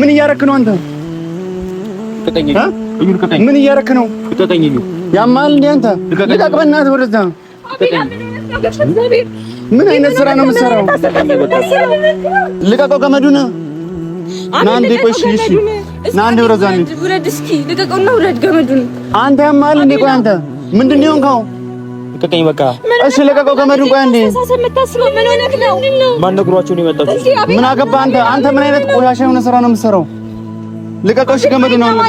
ምን እያረክ ነው አንተ? ምን እያረክ ነው? ያማል እንዴ አንተ? ልቀቅ በእናትህ ወደዛ። ምን አይነት ስራ ነው የምትሰራው? ልቀቀው ገመዱን። ና እንዴ ቆይ እሺ፣ እሺ፣ ና እንዴ ወደዛ። ውረድ እስኪ፣ ልቀቀውና ውረድ ገመዱን። አንተ ያማል እንዴ? ቆይ አንተ ምንድን ነው የሆንከው? ልቀቀኝ በቃ እሺ ልቀቀው ገመዱን ቆይ እንዴ ማን ነግሯቸው ነው የመጣችሁት ምን አገባ አንተ አንተ ምን አይነት ቆሻሻ የሆነ ስራ ነው የምትሰራው ልቀቀው እሺ ገመዱን ነው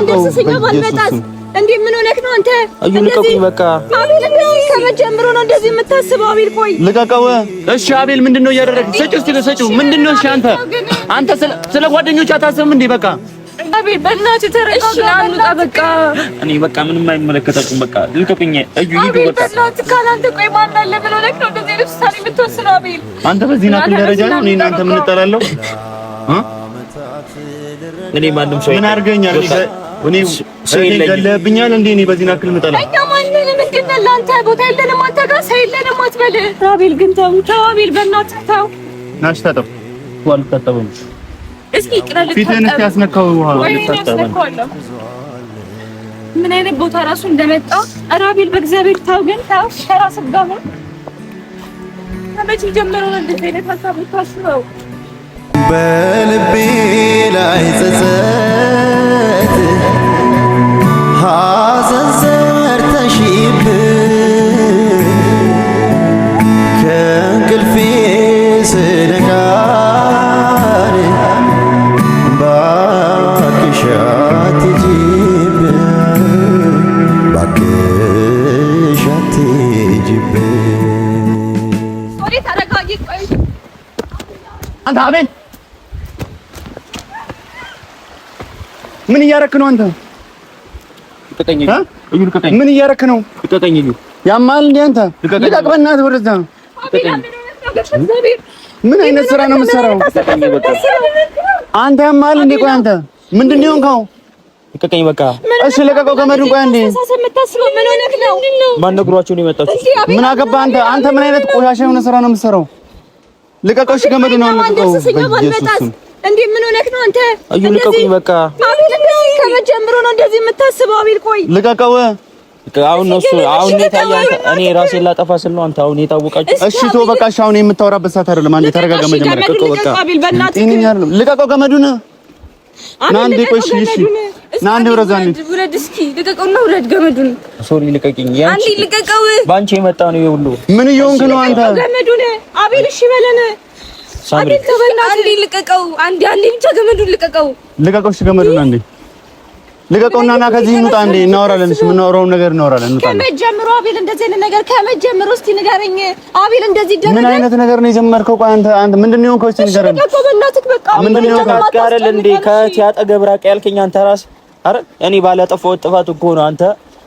እንዴ ምን ሆነክ ነው አንተ እዩ ልቀቁኝ በቃ ከመጀመሩ ነው እንደዚህ የምታስበው አቤል ቆይ ልቀቀው እሺ አቤል ምንድነው ነው እያደረግህ ሰጪው እስኪ ሰጪው ምንድነው እሺ አንተ አንተ ስለ ጓደኞች አታስብም እንዴ በቃ አቤል በእናት ተረጋጋ። ላምጣ በቃ እኔ በቃ ምንም አይመለከታችሁም። በቃ ልቀቅኝ። እዩ ይዱ በቃ በእናት ካላንተ ቆይ ማን አለ ብሎ ለክ ነው እንደዚህ ልብስ ታሪ የምትወስነው አቤል። አንተ በዚህ ደረጃ ነው እኔ እናንተ ምን እኔ ማንም ሰው ምን አድርገኛል? እኔ በዚህ ናክል ምጠላ እኛ ማንንም እንድንል ለአንተ ቦታ የለንም። አንተ ጋር ሰው የለንም አትበል። አቤል ግን ተው ተው፣ እስኪ ይቅራል። ፊትህን ያስነካው ውሃ ምን አይነት ቦታ ራሱ እንደመጣ አራቢል በእግዚአብሔር ታው ግን ታው ሸራ ጋር ነው። ከመቼ ጀምሮ ነው እንደዚህ አይነት ሀሳብ ታስበው? በልቤ ላይ ጸጸት ሐዘን ዘርተሽብኝ እያደረክ ነው አንተ? ምን እያደረክ ነው? ያማል እንደ አንተ ልቀቅበናት። ወደዛ ምን አይነት ስራ ነው የምትሰራው አንተ? ያማል እንዴ? ቆይ አንተ ምንድን ነው የሆንከው? ልቀቀኝ በቃ እሺ፣ ልቀቀው ገመዱን። ቆይ አንዴ ማን ነግሯችሁ ነው የመጣችው? ምን አገባህ አንተ? አንተ ምን አይነት ቆሻሻ የሆነ ስራ ነው የምትሰራው? ልቀቀው እሺ ገመዱን ነው እንዴ ምን ሆነክ ነው አንተ? አዩ ልቀቁኝ፣ በቃ ከመጀመሩ ነው እንደዚህ የምታስበው አቤል። ቆይ ልቀቀው። አሁን ነው እሱ አሁን እኔ ራሴ ላጠፋ ስል ነው አንተ አሁን የታወቃችሁ። እሺ ተው በቃ። እሺ አሁን የምታወራበት ሰዓት አይደለም። አንዴ ተረጋጋ። መጀመሪያ ልቀቀው፣ በቃ አይደለም። ልቀቀው፣ ገመዱን አንዴ እንዴ። ቆይ እሺ እሺ ናንዴ አንዴ ውረድ፣ አንዴ እስኪ ልቀቀው እና ውረድ ገመዱን። ሶሪ ልቀቂኝ፣ አንዴ ልቀቀው። ባንቺ የመጣ ነው ይሁሉ። ምን እየሆንክ ነው አንተ? ገመዱን አቤል እሺ በለን አንዴ ልቀቀው፣ አንዴ ገመዱን ልቀቀው፣ ልቀቀው። ልቀቀውና ና ከዚህ እንውጣ። አንዴ እናወራለን። የምናወራውን ነገር እናወራለን። ከመጀመሩ አቤል እንደዚህ አይነት ነገር ከመጀመሩ እስቲ ንገረኝ አቤል፣ እንደዚህ ደረገ። ምን አይነት ነገር ነው የጀመርከው? ቆይ አንተ አንተ ምንድን ነው የሆንከው? እስቲ ንገረኝ። ያልከኝ? አንተ ራስህ እኔ ባላጠፋሁት ጥፋት እኮ ነው አንተ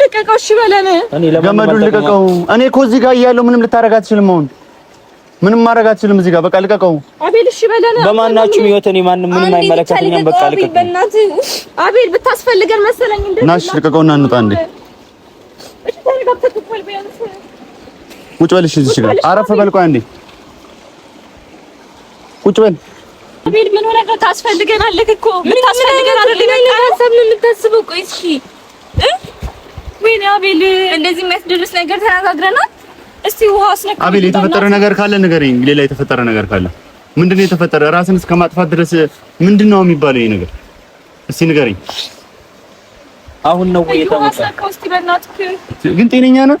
ልቀቀው፣ እሺ በለን። ገመዱን ልቀቀው። እኔ እኮ እዚህ ጋር እያለሁ ምንም ልታረግ አትችልም። አሁን ምንም ማድረግ አትችልም። እዚህ ጋር በቃ ልቀቀው። አቤል፣ እሺ በለን። በማናችሁም ህይወት እኔ ማንም ምንም አይመለከተኝም። በቃ ልቀቀው። አቤል፣ ብታስፈልገን መሰለኝ። ናሽ ልቀቀውና እንውጣ እንዴ። ቁጭ በል እሺ። እዚህ ጋር አረፍ በል። ቆይ አንዴ ቁጭ በል። ታስፈልገናለህ እኮ ምን ታስፈልገናለህ? ምን ታስበው? ቆይ እስኪ ወይኔ አቤል፣ እንደዚህ የሚያስደርስ ነገር ተነጋግረናል። እስቲ ውሃ አስነካ። አቤል፣ የተፈጠረ ነገር ካለ ንገረኝ። ሌላ የተፈጠረ ነገር ካለ ምንድን ነው የተፈጠረ? ራስን እስከ ማጥፋት ድረስ ምንድን ነው የሚባለው ይሄ ነገር? እስቲ ንገረኝ። አሁን ነው ግን ጤነኛ ነው?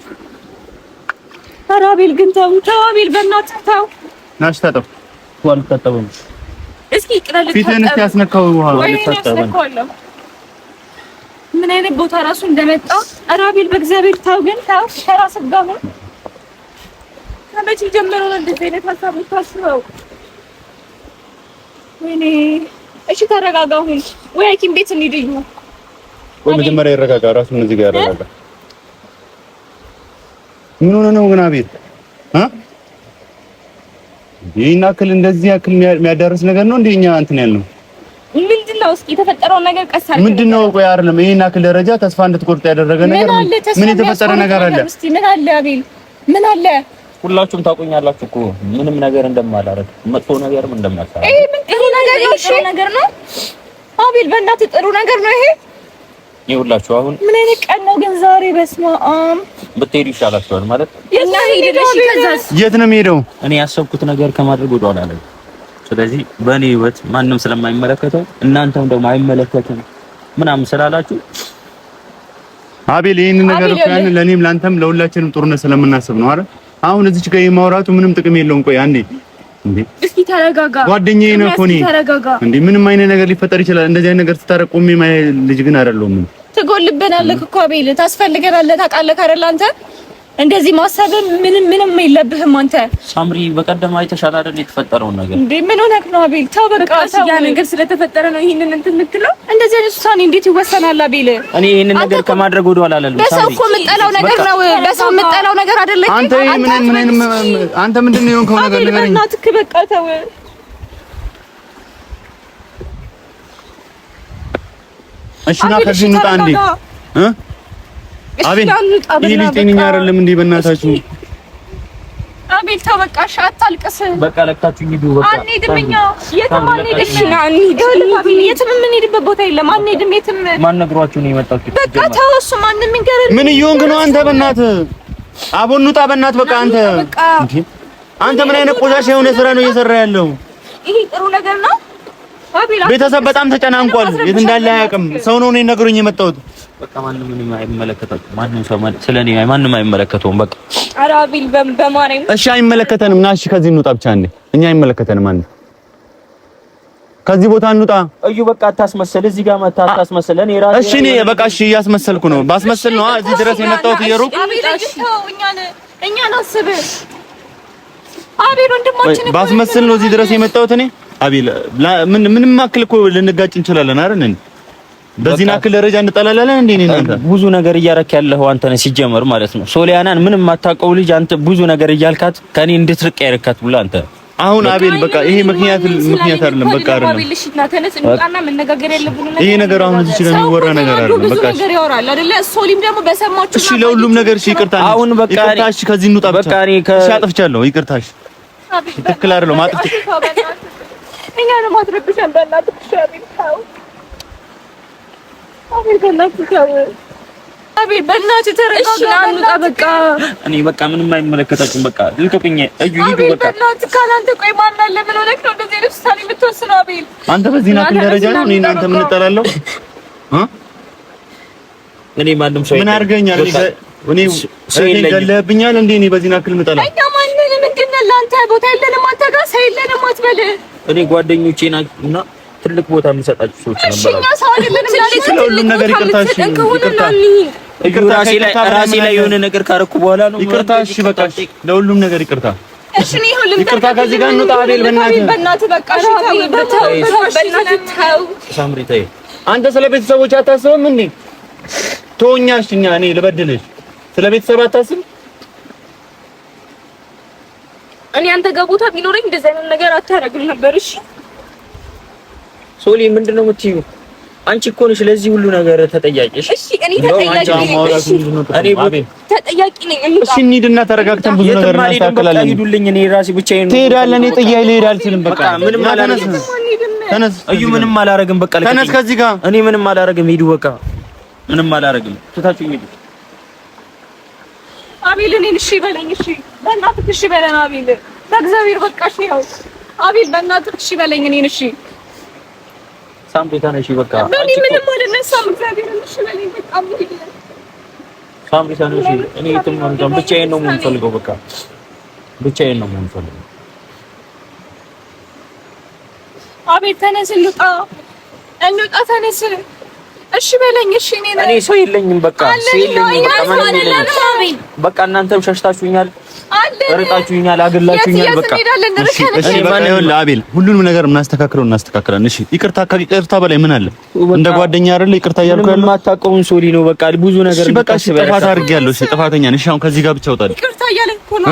ኧረ አቤል ግን ተው ተው፣ አቤል በእናትህ ተው። ናሽ ታጠብ። እስኪ ቅረል ፊትህን እስቲ አስነካው ውሃ ልታጠብ ምን አይነት ቦታ ራሱ እንደመጣው አራቢል በእግዚአብሔር ታው ግን ታው ከራስ ጋር ነው። ከመቼ ጀምሮ ነው እንደዚህ አይነት ሀሳብ ታስበው? ወይኔ እሺ ተረጋጋሁ። ወይ ሐኪም ቤት እንሂድ ወይ መጀመሪያ ይረጋጋ ራሱ ምን እዚህ ጋር ያረጋጋ። ምን ሆነ ነው ግን አቤል አ ይህን ያክል እንደዚህ ያክል የሚያዳርስ ነገር ነው እንደኛ እንትን ያልነው ተጣላው። እስኪ የተፈጠረውን ነገር ቀስ አድርገን ምንድን ነው? ቆይ አይደለም ይሄን አክል ደረጃ ተስፋ እንድትቆርጥ ያደረገ ነገር ምን የተፈጠረ ነገር አለ? እስኪ ምን አለ? አቤል ምን አለ? ሁላችሁም ታቆኛላችሁ እኮ ምንም ነገር እንደማላረግ መጥፎ ነገርም እንደማታረግ። ይሄ ምን ጥሩ ነገር ነው? ጥሩ ነገር ነው አቤል፣ በእናትህ ጥሩ ነገር ነው ይሄ። ይኸውላችሁ አሁን ምን አይነት ቀን ነው ግን ዛሬ? በስመ አብ ብትሄዱ ይሻላችኋል ማለት የት ነው እኔ ያሰብኩት ነገር ከማድረግ ወደኋላ ስለዚህ በእኔ ህይወት ማንም ስለማይመለከተው እናንተም ደግሞ አይመለከትም ምናምን ስላላችሁ አቤል ይህንን ነገር ያን ለእኔም ለአንተም ለሁላችንም ጦርነት ስለምናስብ ነው አረ አሁን እዚች ጋር የማውራቱ ምንም ጥቅም የለውም። ቆይ አንዴ እንዴ፣ እስኪ ተረጋጋ። ጓደኛዬ ነው እኮ እንዴ፣ ምንም አይነት ነገር ሊፈጠር ይችላል። እንደዚህ አይነት ነገር ስታረቁም የማይ ልጅ ግን አይደለሁም። ትጎልብናለህ እኮ አቤል፣ ታስፈልገናለህ። ታውቃለህ አይደል አንተ እንደዚህ ማሰብ ምንም ምንም የለብህም አንተ። ሳምሪ በቀደም አይተሻል አይደል የተፈጠረውን ነገር? እንዴ ምን ሆነክ ነው አቤል? ተው በቃ ተው። ያ ነገር ስለተፈጠረ ነው ይሄንን እንትን የምትለው? እንደዚህ አይነት ውሳኔ እንዴት ይወሰናል አቤል? እኔ ይሄንን ነገር ከማድረግ ወደ ኋላ አላለም። በሰው እኮ የምጠላው ነገር ነው። በሰው የምጠላው ነገር አይደለም። አንተ ምን ምን አንተ ምንድን ነው የሆንከው ነገር ንገረኝ። እናትህ በቃ ተው። እሺ ና ከዚህ እንውጣ እንዴ እ አቤል ይሄ ጤነኛ አይደለም እንዴ? በእናታችሁ አቤል ተው፣ በቃ እሺ፣ አታልቅስ። በቃ ለቅታችሁ ሂዱ። በቃ አንሄድም፣ እኛ የትም የምንሄድበት ቦታ የለም። አንሄድም፣ የትም። ማን ነግሯችሁ ነው የመጣችሁት? በቃ ተው፣ እሱ ማንም ይንገረን። ምን እየሆንክ ነው አንተ? በእናትህ አቦን ውጣ፣ በእናትህ በቃ አንተ አንተ ምን አይነት ቆሻሻ የሆነ ስራ ነው እየሰራ ያለው? ይሄ ጥሩ ነገር ነው? ቤተሰብ በጣም ተጨናንቋል። የት እንዳለ አያውቅም። ሰው ነው እኔን ነግሮኝ የመጣሁት በቃ ማንም ምንም አይመለከታችሁም። ማንም ሰው ስለኔ ማንም አይመለከተውም። በቃ ኧረ አቤል በማርያም እሺ፣ አይመለከተንም። ና እሺ፣ ከዚህ እንውጣ ብቻ እንዴ። እኛ አይመለከተንም። አንዴ ከዚህ ቦታ እንውጣ። እዩ፣ በቃ አታስመሰል። እዚህ ጋር መታ አታስመሰል። እኔ ራሴ እሺ፣ እኔ በቃ እሺ፣ እያስመሰልኩ ነው። ባስመሰል ነው እዚህ ድረስ የመጣሁት እየሮኩ እኛን አስብ አቤል ወንድማችን ባስመስል ነው እዚህ ድረስ የመጣሁት እኔ። አቤል ምን ምንም አክል እኮ ልንጋጭ እንችላለን አይደል? በዚህና ክል ደረጃ እንጠላላለን እንዴ? ብዙ ነገር እያረክ ያለው አንተ ነህ ሲጀመር ማለት ነው። ሶሊያናን ምንም የማታውቀው ልጅ አንተ ብዙ ነገር እያልካት ከኔ እንድትርቅ ያረካት ብላ አንተ አሁን አቤል በቃ ይሄ ምክንያት ምክንያት አይደለም። በቃ አይደለም ይሄ ነገር አሁን እዚህ ሲለን የሚወራ ነገር አይደለም። በቃ ነገር ያወራል አይደለ? ሶሊም ደግሞ በሰማችሁ እሺ፣ ለሁሉም ነገር እሺ፣ ይቅርታ አሁን በቃ ይቅርታ፣ እሺ፣ ከዚህ እንውጣ በቃ እኔ አጥፍቻለሁ፣ ይቅርታ፣ እሺ፣ ትክክል አይደለም። አጥፍቼ እኛ ነው ማትረብሽ አንዳንድ አጥፍቻለሁ እኔ በቃ ምንም አይመለከታችሁም። በቃ ልቀቁኝ። እዩ ይዱ በቃ በእናትህ ካላንተ ቆይ ማን አለ? ምን ሆነህ ነው እንደዚህ ልብስ ታኔ የምትወስነው? አቤል አንተ በዚህ ናክል ደረጃ ነው እኔ እናንተ የምንጠላለው? እኔ ማንም ሰው ምን አድርገኛል? እኔ እኔ ገለህብኛል እንዴ? እኔ በዚህ ናክል የምጠላው እኛ ማንንም እንድንል ቦታ የለንም። አንተ ጋር ሳይለንም አትበል። እኔ ጓደኞቼ ናቸው እና ትልቅ ቦታ የምሰጣችሁ ሰዎች ነገር ራሴ ላይ የሆነ ነገር ካረኩ በኋላ ነው። ይቅርታ እሺ፣ በቃ ለሁሉም ነገር ይቅርታ። እሺ ሳምሪ ተይ። አንተ ስለ ቤተሰቦች አታስብም እንዴ? ተወኛሽ፣ እኛ እኔ ልበድልሽ። ስለ ቤተሰብ አታስብ። እኔ አንተ ጋር ቦታ ቢኖረኝ እንደዚህ አይነት ነገር አታደርግም ነበር። እሺ ሶሊ ምንድን ነው የምትይው? አንቺ እኮ ነሽ ለዚህ ሁሉ ነገር ተጠያቂ። እሺ እኔ ተጠያቂ ነኝ። እሺ እንሂድና ተረጋግተን ብዙ ነገር እናስተካክላለን። እኔ ራሴ ብቻዬን ትሄዳለህ። እኔ ጥዬህ ልሄድ አልችልም። በቃ ምንም አላረግም። ተነስ እዩ። ምንም አላረግም። በቃ ተነስ ከዚህ ጋር እኔ ምንም አላረግም። ሂዱ። በቃ ምንም አላረግም። ትታችሁ ሂዱ። አቤል እኔን እሺ በለኝ። እሺ በእናትህ እሺ በለኝ አቤል፣ በእግዚአብሔር በቃ እሺ። ያው አቤል በእናትህ እሺ በለኝ እኔን እሺ ሳም ቤታ ነሽ። በቃ ሳም ቤታ ነሽ። እኔ የትም አልሄድም። ብቻዬን ነው የምፈልገው። በቃ ብቻዬን ነው የምፈልገው። አቤት ተነስ፣ እንውጣ፣ እንውጣ፣ ተነስ። እሺ በለኝ። እሺ እኔ ሰው የለኝም። በቃ ሰው የለኝም። በቃ እናንተም ሸሽታችሁኛል። ርቃችሁኛል፣ አገላችሁኛል። በቃ እሺ፣ እሺ። ማን ይሁን አቤል ሁሉንም ነገር እናስተካክለው እናስተካክላለን። እሺ፣ ይቅርታ ከይቅርታ በላይ ምን አለ? እንደ ጓደኛ አይደል ይቅርታ እያልኩ ያለው የማታውቀውን ሶሊ ነው። በቃ ብዙ ነገር እሺ፣ በቃ እሺ፣ ጥፋት አድርጌያለሁ። እሺ፣ ጥፋተኛ ነሽ። አሁን ከዚህ ጋር ብቻ እወጣለሁ። ይቅርታ እያለኝ እኮ ነው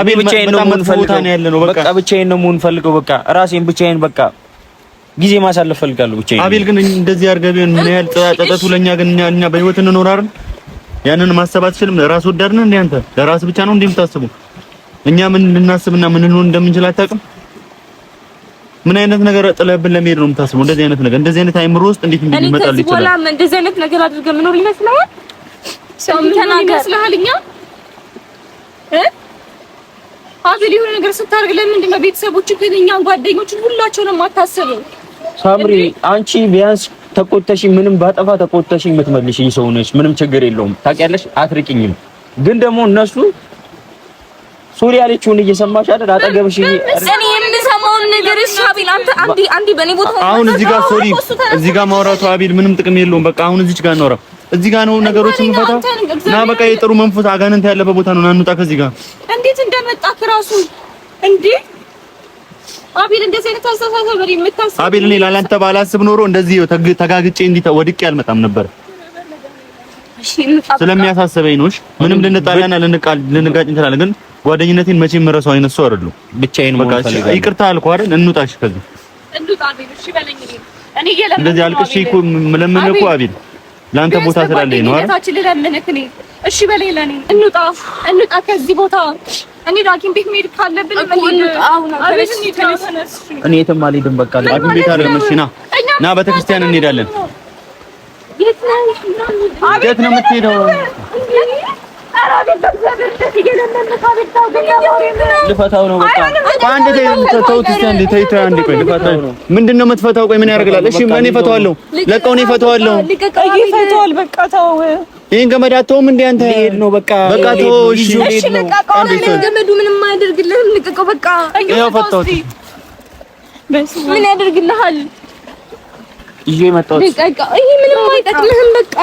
አቤል። ብቻዬን ነው የምንፈልገው። በቃ ብቻዬን ነው ፈልገው። በቃ ራሴን ብቻዬን በቃ ጊዜ ማሳለፍ ፈልጋለሁ ብቻዬን። አቤል ግን እንደዚህ አድርገህ ቢሆን ምን ያህል ጸጸቱ ለኛ ግን እኛ በህይወት እንኖራለን ያንን ማሰብ አትችልም። ለራስ ወዳድ ነህ እንዴ አንተ? ለራስ ብቻ ነው እንዴ የምታስበው? እኛ ምን ልናስብና ምን ልንሆን እንደምንችል አታውቅም። ምን አይነት ነገር ጥለብን ለመሄድ ነው የምታስበው? እንደዚህ አይነት ነገር እንደዚህ አይነት አይምሮ ውስጥ እንዴት እንዴት ይመጣል ይችላል? እኔ እንደዚህ አይነት ነገር አድርገን ምኖር ይመስላል? ሰው ተናገር እኛ እ አቤል የሆነ ነገር ስታደርግ ለምንድን ነው ቤተሰቦችን፣ ከኛ ጓደኞችን ሁላቸውንም አታስብም? ሳምሪ አንቺ ቢያንስ ተቆጥተሽኝ ምንም ባጠፋ ተቆጥተሽኝ የምትመልሽኝ ሰው ነሽ። ምንም ችግር የለውም ታውቂያለሽ፣ አትርቂኝም። ግን ደግሞ እነሱ ሶሪ ያለችውን እየሰማሽ አይደል? አጠገብሽ እኔ የምሰማውን ነገር እሺ፣ አቤል አንተ አንዲ አንዲ በኔ ቦታ አሁን እዚህ ጋር ሶሪ፣ እዚህ ጋር ማውራቱ አቢል ምንም ጥቅም የለውም። በቃ አሁን እዚህ ጋር እናውራ። እዚህ ጋር ነው ነገሮች የምፈታው ና በቃ የጥሩ መንፈስ አጋንንት ያለበት ቦታ ነው። ና እንውጣ ከዚህ ጋር እንዴት እንደመጣ እራሱ እንዴ አቤል እንደዚህ አይነት አስተሳሰብ የምታስብ አቤል፣ እኔ ላላንተ ባላስብ ኖሮ እንደዚህ ተጋግጬ እንዲህ ወድቄ አልመጣም ነበር። ስለሚያሳስበኝ ነው። ምንም ልንጣላና ልንቃል ልንጋጭ እንችላለን፣ ግን ጓደኝነቴን መቼም የምረሳው አይነት ሰው አይደለሁም። ብቻዬን መሆን ይቅርታ አልኩህ አይደል? እንውጣሽ ከዚህ እሺ በለኝ። እኔ እንደዚህ አልቅሼ እኮ የምለምንህ እኮ አቤል ለአንተ ቦታ ስላለኝ ነው አይደል? እሺ በለኝ። እንውጣ እንውጣ ከዚህ ቦታ እኔ ዳኪን ቤት መሄድ ካለብን እኔ የትም አልሄድም። በቃ ዳኪን ቤት አይደለም። እሺ ና ና፣ ቤተክርስቲያን እንሄዳለን። የት ነው የምትሄደው? ልፈታው ነው በቃ አንዴ ተውት እስኪ አንዴ ተይ ተይ አንዴ ቆይ ልፈታው ነው ምንድን ነው የምትፈታው ቆይ ምን ያደርግላል እሺ እኔ እፈታዋለሁ ለቀው እኔ እፈታዋለሁ ይፈታዋል በቃ ተው ይሄን ገመድ አትተውም እንዴ አንተ ልሄድ ነው በቃ በቃ ተው እሺ ልሄድ ነው አንዴ ተው ገመዱ ምንም አያደርግልህም ልቀቀው በቃ ይኸው ፈታሁት ምን ያደርግልሃል ይዤ መጣሁት ልቀቀው ይሄ ምንም አይጠቅምህም በቃ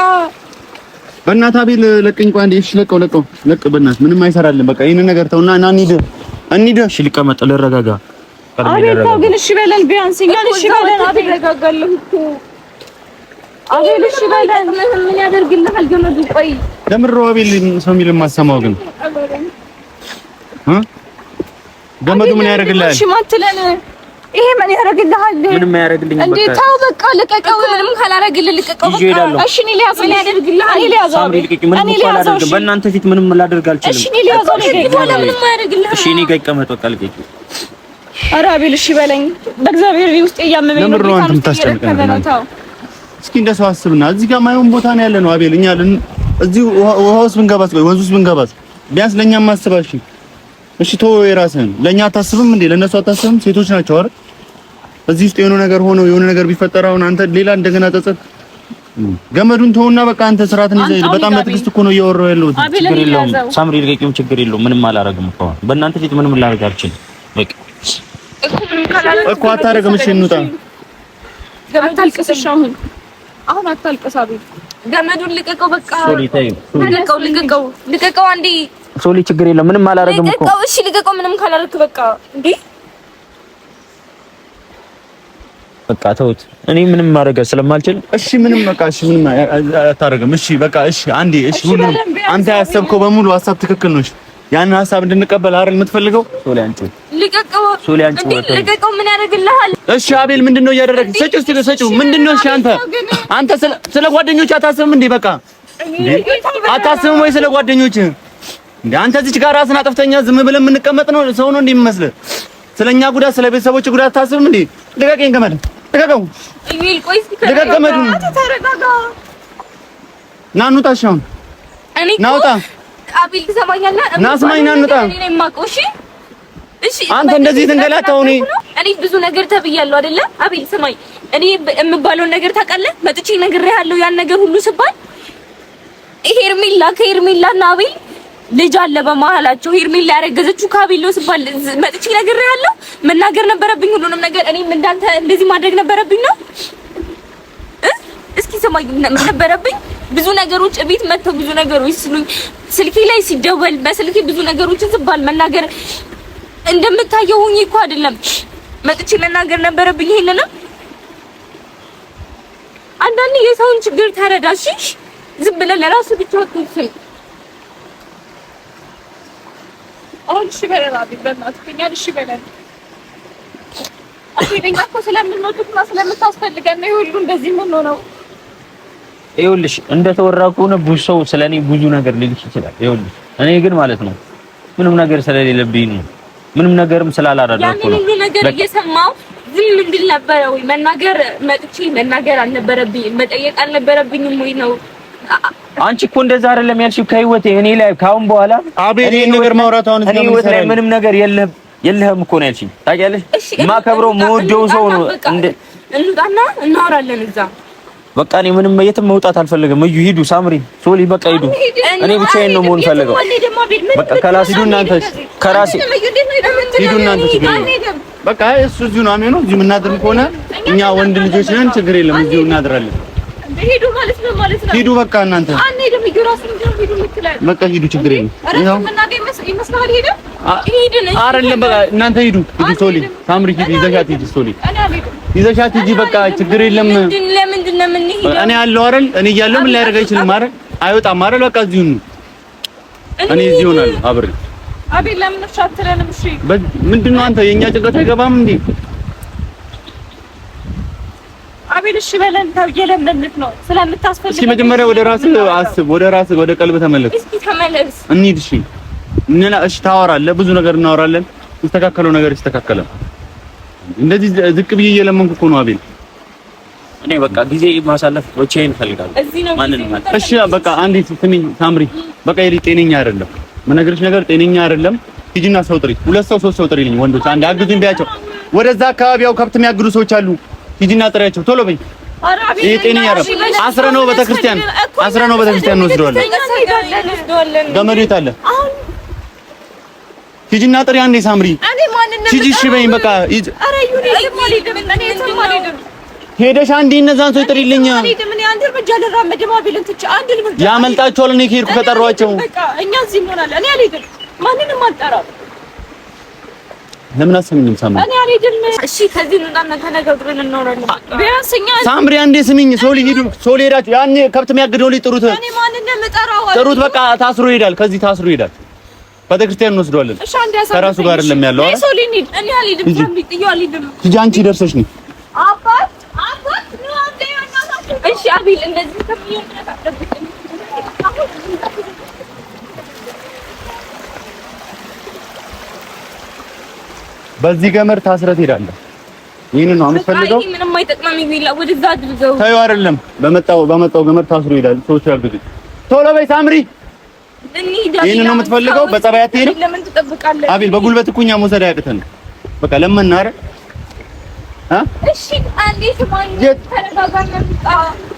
በእናትህ አቤል ለቀኝ። ቆይ አንዴ እሺ፣ ለቀው ለቀው ለቅ፣ በእናትህ ምንም አይሰራልን። በቃ ይሄንን ነገር ተውና እና እንሂድ እንሂድ። እሺ፣ ሊቀመጥ ልረጋጋ። አቤል ተው ግን፣ እሺ በለን ቢያንስ እኛን። እሺ በለን አቤል፣ እረጋጋለሁ እኮ አቤል። እሺ በለን ምን ያደርግልሃል ገመዱ? ቆይ ለምሮ አቤል ሰው የሚል የማሰማው ግን ገመዱ ምን ያደርግልሃል? እሺ ማትለን ይሄ ምን ያደርግልሃል? ምንም አያደርግልኝ። እንዴ ተው በቃ ልቀቀው። ምንም ካላደርግልህ ልቀቀው በቃ። እሺ እኔ ልያዘው፣ እኔ ልያዘው፣ እኔ ልያዘው። ምንም እኮ አላደርግም። በእናንተ ፊት ምንም ላደርግ አልችልም። እሺ እኔ ልያዘው። ምንም አያደርግልህ። እሺ እኔ ጋር ይቀመጥ በቃ ልቀቂው። ኧረ አቤል እሺ በለኝ በእግዚአብሔር። ውስጤ እያመመኝ ነው። ለምን የምታስጨንቀኝ? እስኪ እንደ ሰው አስብና፣ እዚህ ጋር ማይሆን ቦታ ነው ያለ ነው አቤል። እኛ እዚህ ውሃ ውስጥ ብንገባስ ወይ ወንዝ ውስጥ ብንገባስ ቢያንስ ለእኛም አስባሽ። እሺ ተወው የራስህን። ለእኛ አታስብም እንዴ? ለእነሱ አታስብም? ሴቶች ናቸው አይደል እዚህ ውስጥ የሆነ ነገር ሆኖ የሆነ ነገር ቢፈጠር አሁን አንተ ሌላ እንደገና ጸጸት ገመዱን ተውና በቃ አንተ ስርዓትን ይዘህ ሂድ። በጣም በትዕግስት እኮ ነው እያወራሁ ያለሁት። ችግር የለውም ሳምሪ ልቀቂውም፣ ችግር የለውም ምንም አላረግም እኮ በእናንተ ፊት ምንም ላረግ አልችልም። በቃ እኮ አታረግም። እሺ እንውጣ። ገመዱን ልቀቀው፣ በቃ ልቀቀው፣ ልቀቀው፣ ልቀቀው። አንዴ ሶሊ፣ ችግር የለውም ምንም አላረግም እኮ ልቀቀው፣ እሺ ልቀቀው። ምንም ካላረክ በቃ እንዴ በቃ ተውት። እኔ ምንም ማድረግ ስለማልችል እሺ፣ ምንም በቃ እሺ፣ ምንም አታደርግም። እሺ፣ በቃ እሺ፣ አንዴ እሺ። ሁሉም አንተ ያሰብከው በሙሉ ሀሳብ ትክክል ነው። ያን ሀሳብ እንድንቀበል አይደል የምትፈልገው? ሶሊ አንቺ ልቀቀው፣ ሶሊ አንቺ ልቀቀው። ምን ያደርግልሃል? እሺ፣ አቤል ምንድነው እያደረግህ? ሰጪው፣ እስቲ ሰጪው። ምንድነው? እሺ፣ አንተ አንተ ስለ ጓደኞች አታስብም እንዴ? በቃ አታስብም ወይ ስለ ጓደኞች እንዴ? አንተ እዚች ጋር ራስን አጥፍተኛ ዝም ብለን የምንቀመጥ ነው ሰው ነው እንዴ የሚመስልህ? ስለኛ ጉዳት፣ ስለ ቤተሰቦች ጉዳት አታስብም እንዴ? ልቀቀኝ ገመድ ልቀቀው። ኢሜል ቆይ እስኪ ከደቀመዱ ና እንውጣ። እሺ አሁን እኔ ና ውጣ። ቃቢል ትሰማኛለህ? ና ስማኝ። ና እንውጣ። እሺ አንተ እንደዚህ ትንገላታው። እኔ እኔ ብዙ ነገር ተብያለሁ አይደለ? አቤል ስማኝ፣ እኔ የምባለውን ነገር ታውቃለህ? መጥቼ ነግሬሃለሁ ያን ነገር ሁሉ ስባል ሄርሜላ ከሄርሜላ እና አቤል ልጅ አለ በመሀላቸው። ሄርሜላ ያረገዘችው ካቢሎ ሲባል መጥቼ ነግሬሃለሁ። መናገር ነበረብኝ ሁሉንም ነገር። እኔም እንዳንተ እንደዚህ ማድረግ ነበረብኝ ነው እስኪ ሰማኝ ነበረብኝ። ብዙ ነገሮች እቤት መጥተው ብዙ ነገሮች ስሉኝ፣ ስልኬ ላይ ሲደወል በስልኬ ብዙ ነገሮችን ስባል መናገር እንደምታየው ሁኝ እኮ አይደለም። መጥቼ መናገር ነበረብኝ። ይሄንንም አንዳንዴ የሰውን ችግር ተረዳሽ። ዝም ብለህ ለራስህ ብቻ አትንፈል። አሁን እሺ በለን አቤል፣ በእናትህ እኛን እሺ በለን አቤል። እኛ እኮ ስለምንወድና ስለምታስፈልገን ነው ሁሉ እንደዚህ የምንሆነው። ይኸውልሽ እንደተወራ ከሆነ ብዙ ሰው ስለኔ ብዙ ነገር ሊልሽ ይችላል። ይኸውልሽ እኔ ግን ማለት ነው ምንም ነገር ስለሌለብኝ ነው ምንም ነገርም ስላላረዳኩ ነው። ያን ሁሉ ነገር እየሰማው ዝም እንድል ነበረ ወይ መናገር መጥቼ መናገር አልነበረብኝም መጠየቅ አልነበረብኝም ወይ ነው አንቺ እኮ እንደዛ አይደለም ያልሽው። ከህይወቴ እኔ ላይ ካሁን በኋላ አቤል ይሄን ነገር ማውራት አሁን እዚህ ህይወት ላይ ምንም ነገር የለህም የለህም እኮ ነው ያልሽኝ። ታውቂያለሽ፣ ማከብረው መወደው ሰው ነው። እንደ እንውጣና እናወራለን እዛ በቃ እኔ ምንም የትም መውጣት አልፈልግም። እዩ ሂዱ፣ ሳምሪ ሶሊ፣ በቃ ሂዱ። እኔ ብቻዬን ነው መሆን ፈልገው። በቃ ከላስ ሂዱ እናንተ፣ ከራሴ ሂዱ እናንተ። ችግር የለም በቃ እሱ እዚሁ ነው የሚሆነው። እዚሁ የምናድርም ከሆነ እኛ ወንድ ልጆች ነን፣ ችግር የለም እዚሁ እናድራለን። ሂዱ ማለት ነው ማለት ነው። በቃ እናንተ አንሄድም። በቃ ሂዱ፣ ችግር የለም። ይሄው አይደለም። በቃ እናንተ ሂዱ። ሂዱ፣ ሳምሪ ሂዱ፣ ይዘሻት ሂጂ፣ ሶሊ ይዘሻት ሂጂ። በቃ ችግር የለም። ነው እኔ አለሁ አይደል? እኔ እያለሁ ምን ሊያደርግ አይችልም አይደል? አይወጣም አይደል? በቃ እዚሁ ነው። እኔ እዚሁ ነው አብሬ። አቤል ለምን ነው ሻትለንም? እሺ ምንድን ነው አንተ የኛ ጭንቀት አይገባም እንዴ? አቤል እሺ በለን እየለመንክ ነው ስለምታስፈልግ። እስኪ መጀመሪያ ወደ ራስ አስብ፣ ወደ ራስ ወደ ቀልብ ተመለስ። እስኪ ተመለስ፣ እንሂድ። እሺ እንና እሺ፣ ታወራለህ፣ ብዙ ነገር እናወራለን። ይስተካከለው ነገር ይስተካከለም። እንደዚህ ዝቅ ብዬ እየለመንኩ እኮ ነው አቤል። እኔ በቃ ጊዜ ማሳለፍ ብቻዬን እፈልጋለሁ። እሺ በቃ አንዴ ስሚኝ ሳምሪ፣ በቃ ይሄ ጤነኛ አይደለም። መነገርሽ ነገር ጤነኛ አይደለም። ሂጂና ሰው ጥሪ፣ ሁለት ሰው ሶስት ሰው ጥሪልኝ። ወንዶች አንድ አግዙኝ ቢያቸው። ወደዛ አካባቢ ያው ከብት የሚያግዱ ሰዎች አሉ። ሂጂና ጥሪያቸው ቶሎ በይ። ጤና ያረብ አስረ ነው ቤተክርስቲያን አስረ ነው ቤተክርስቲያን እንወስደዋለን። ገመዱ የት አለ? ሂጂና ጥሪ አንዴ ሳምሪ ሂጂ። እሺ በይኝ በቃ ሄደሽ አንዴ እነዛን ሰው ጥሪልኝ። ያመልጣቸዋል። እኔ ከሄድኩ ከጠሯቸው እኛ እዚህ እንሆናለን። እኔ አልሄድም፣ ማንንም አልጠራም ለምን አሰሚኝም? ሳምሪ እኔ አልሄድም። እሺ ከዚህ ተነጋግረን እንኖራለን። ቢያንስ እኛ ሳምሪ አንዴ ስሚኝ። ሶሊ ሂዱ፣ ሶሊ ሄዳችሁ ያኔ ከብት የሚያግደው ልጅ ጥሩት፣ ጥሩት። በቃ ታስሮ ይሄዳል፣ ከዚህ ታስሮ ይሄዳል። ቤተክርስቲያን እንወስደዋለን። ከራሱ ጋር አይደለም ያለው። ሶሊ ሂድ። እኔ አልሄድም። ሳምሪ ጥዬው አልሄድም። ሂጂ አንቺ ደርሰሽ ነው አባት አባት ነው አንዴ ያናታችሁ። እሺ አቢል እንደዚህ ከሚሆን በዚህ ገመድ ታስረት ሄዳለህ። ይሄንን ነው የምትፈልገው? ምንም አይጠቅማም። ይላ ወደዛ አድርገው። ተይው፣ አይደለም በመጣው በመጣው ገመድ ታስሮ ይላል። ሰዎች ያግዙኝ። ቶሎ በይ ሳምሪ። ይሄንን ነው የምትፈልገው? በጸባይ አትሄድም። ለምን ትጠብቃለህ? አቤል፣ በጉልበት እኮ እኛ መውሰድ አያቅተን። በቃ ለምን አረ እሺ፣ አንዴ ተረጋጋ። ነው ተረጋጋና